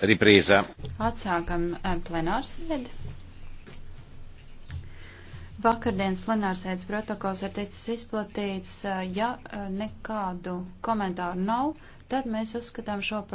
ripresa. Atsākam eh, plenārsēdi. Vakardienas plenārsēdes protokols ir ticis izplatīts. Eh, ja eh, nekādu komentāru nav, tad mēs uzskatām šo.